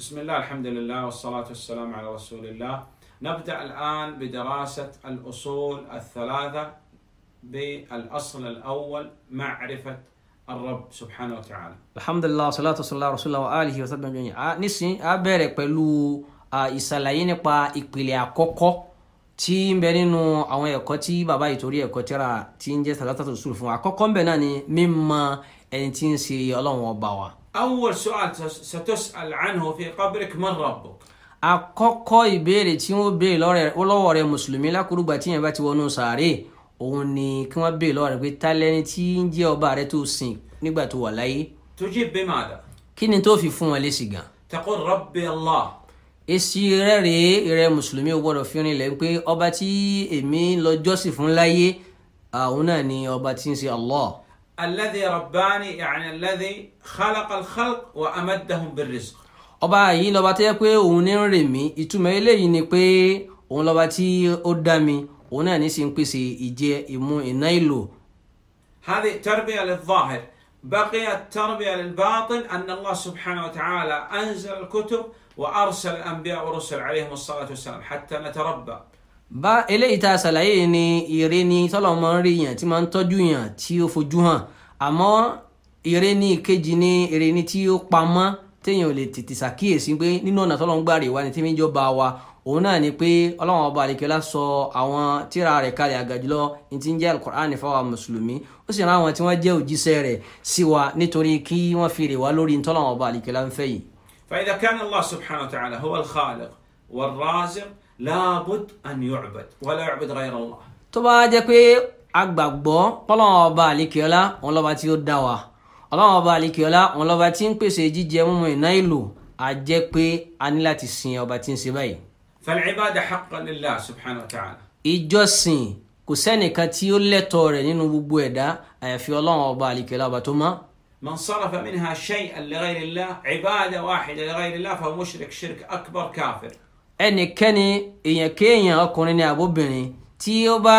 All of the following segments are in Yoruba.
بسم الله الحمد لله والصلاة والسلام على رسول الله نبدأ الآن بدراسة الأصول الثلاثة بالأصل الأول معرفة الرب سبحانه وتعالى الحمد لله والصلاة والسلام على رسول الله وآله وسلم جميعا آه، نسي أبرك بلو pẹ̀lú با nípa ìpìlẹ̀ àkọ́kọ́ tí ń bẹ nínú àwọn ẹ̀kọ́ tí bàbá ìtorí ẹ̀kọ́ tíra tí ń jẹ́ sàlátà tó sùn fún wa ń bẹ náà ni mímọ̀ ẹni tí ń ṣe ọlọ́run ọba wa أول سؤال ستسأل عنه في قبرك من ربك àkọ́kọ́ ìbéèrè tí wọ́n béèrè lọ́wọ́ rẹ̀ mùsùlùmí lákùrúgbà tí yẹn bá ti wọnú sàárè òun ni kí wọ́n béèrè lọ́wọ́ rẹ̀ pé ta lẹni tí ń jẹ́ ọba rẹ̀ tó sìn nígbà tó wà láyé. tujib bimada. kí ni tó fi fún wọn lésì gan. taqul rabbi allah. èsì rẹ̀ rèé rẹ̀ mùsùlùmí ò gbọ́dọ̀ fi rinlẹ̀ pé ọba tí èmi lọ jọ́sìn fún láyé àwọn náà ni ọba tí ń ṣe allah. يعني ọba yìí lọ́ba tó yẹ pé òun ní rè mí ìtumọ̀ eléyìí ni pé òun lọ́ba tí ó dá mi òun náà oun ني بي اون لو mi pèsè ìjẹ ìmu ije ايجي ايمو اينايلو هذه تربيه للظاهر بقي التربية للباطن أن الله سبحانه وتعالى أنزل الكتب وأرسل الأنبياء والرسل عليهم الصلاة والسلام حتى نتربى bá eléyìí tá a ṣàlàyé ni ire ni tọ́lọ̀ máa ń rí yàn tí máa ń tọ́jú yàn tí ó fojú hàn àmọ́ ire ni ìkejì ni ire ni tí ó pamọ́ téèyàn ò lè tètè ṣàkíyèsí pé nínú ọ̀nà tọ́lọ̀ ń gbà rè wá ni tí mi jọ bá wa òun náà ni pé ọlọ́run ọba àlekèlá sọ àwọn tíra rẹ̀ kalẹ̀ àgàjùlọ ní ń jẹ́ alukur'an fáwọn mùsùlùmí ó sì rán àwọn tí wọ́n jẹ́ òjíṣẹ́ rẹ̀ sí wa nítorí kí wọ́n fi rè wá lórí ntọ́lọ́run ọba àlekèlá ń fẹ́ yìí. فإذا كان الله سبحانه وتعالى هو الخالق والرازق láàbùd an yu'bad wala yu'bad ghayra Allah. tó bá jẹ́ pé agbàgbọ́ pọ́lọ́wọ́n ọba àlekèọ́lá òun lọ́ba tí ó dá wa ọlọ́wọ́n ọba àlekèọ́lá òun lọ́ba tí ń pèsè jíjẹ mímu ìná ìlò a jẹ́ pé a ní láti sin ọba tí ń ṣe báyìí. fal-ibada haqqan lillah subhanahu wa ta'ala. ìjọsìn kò sẹ́nìkan tí ó lẹ́tọ̀ọ́ rẹ̀ nínú gbogbo ẹ̀dá àyàfi ọlọ́run ọba àlìkẹ́lá ọba tó mọ́. من صرف منها شيئا لغير الله عبادة واحدة لغير الله فهو مشرك شرك أكبر كافر ẹnikẹ́ni èèyàn kéèyàn ọkùnrin ni àbóbìnrin tí ó bá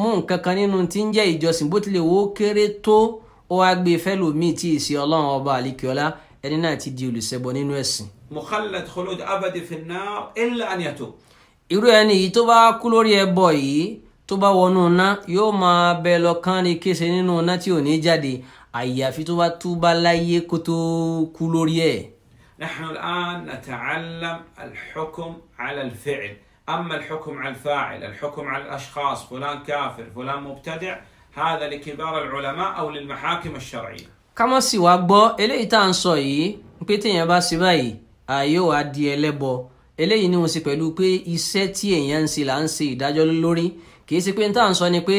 mú nǹkan kan nínú tí ń jẹ́ ìjọsìn bó tilẹ̀ wó kéré tó ó wá gbé e fẹ́lòmíì tí ì sí ọlọ́run ọba àlekèọ́lá ẹni náà ti di olùṣẹbọ nínú ẹ̀sìn. mukhallat khulud abadi finnar illa an yatub. irú ẹni yìí tó bá kú lórí ẹbọ yìí tó bá wọnú ná yóò máa bẹ lọ kánrin kése nínú ná tí ò ní jáde àyàfi tó bá túbá láyé kú lórí ẹ̀. نحن الآن نتعلم الحكم على الفعل أما الحكم على الفاعل الحكم على الأشخاص فلان كافر فلان مبتدع هذا لكبار العلماء أو للمحاكم الشرعية ká má sì wá gbọ́ eléyìí tá à ń sọ yìí pé téèyàn bá ṣe báyìí ààyè wàá di ẹlẹ́bọ eléyìí ni mo ṣe pẹ̀lú pé iṣẹ́ tí èèyàn ń ṣe là ń ṣe ìdájọ́ lórí kì í ṣe pé tá à ń sọ ni pé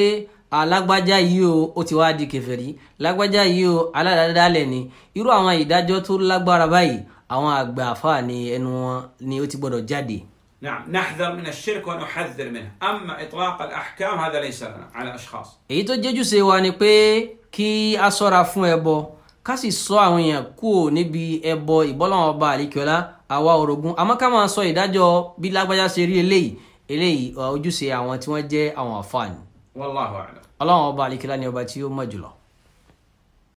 alágbájá yìí o ó ti wá di kèfèrí lágbájá yìí o aládàádálẹ̀ ni irú àwọn ìdájọ́ tó lágbára báyìí àwọn àgbà àfáà ni ẹnu wọn ni ó ti gbọdọ̀ jáde. نعم نحذر من الشرك ونحذر منه أما إطلاق الأحكام هذا ليس لنا على أشخاص èyí tó jẹ́jú ṣe wa ni pé kí a ṣọ́ra fún ẹbọ ká sì sọ àwọn èèyàn kúrò níbi ẹbọ ìbọ́láwọn ọba àríkíọ́lá àwa orogún àmọ́ ká máa sọ ìdájọ́ bí lágbájá ṣe rí eléyìí eléyìí ojúṣe àwọn tí wọ́n jẹ́ àwọn àfààní. Wallahu a'lam. ọlọ́run ọba àríkíọ́lá ni ọba tí ó mọ̀ jùlọ.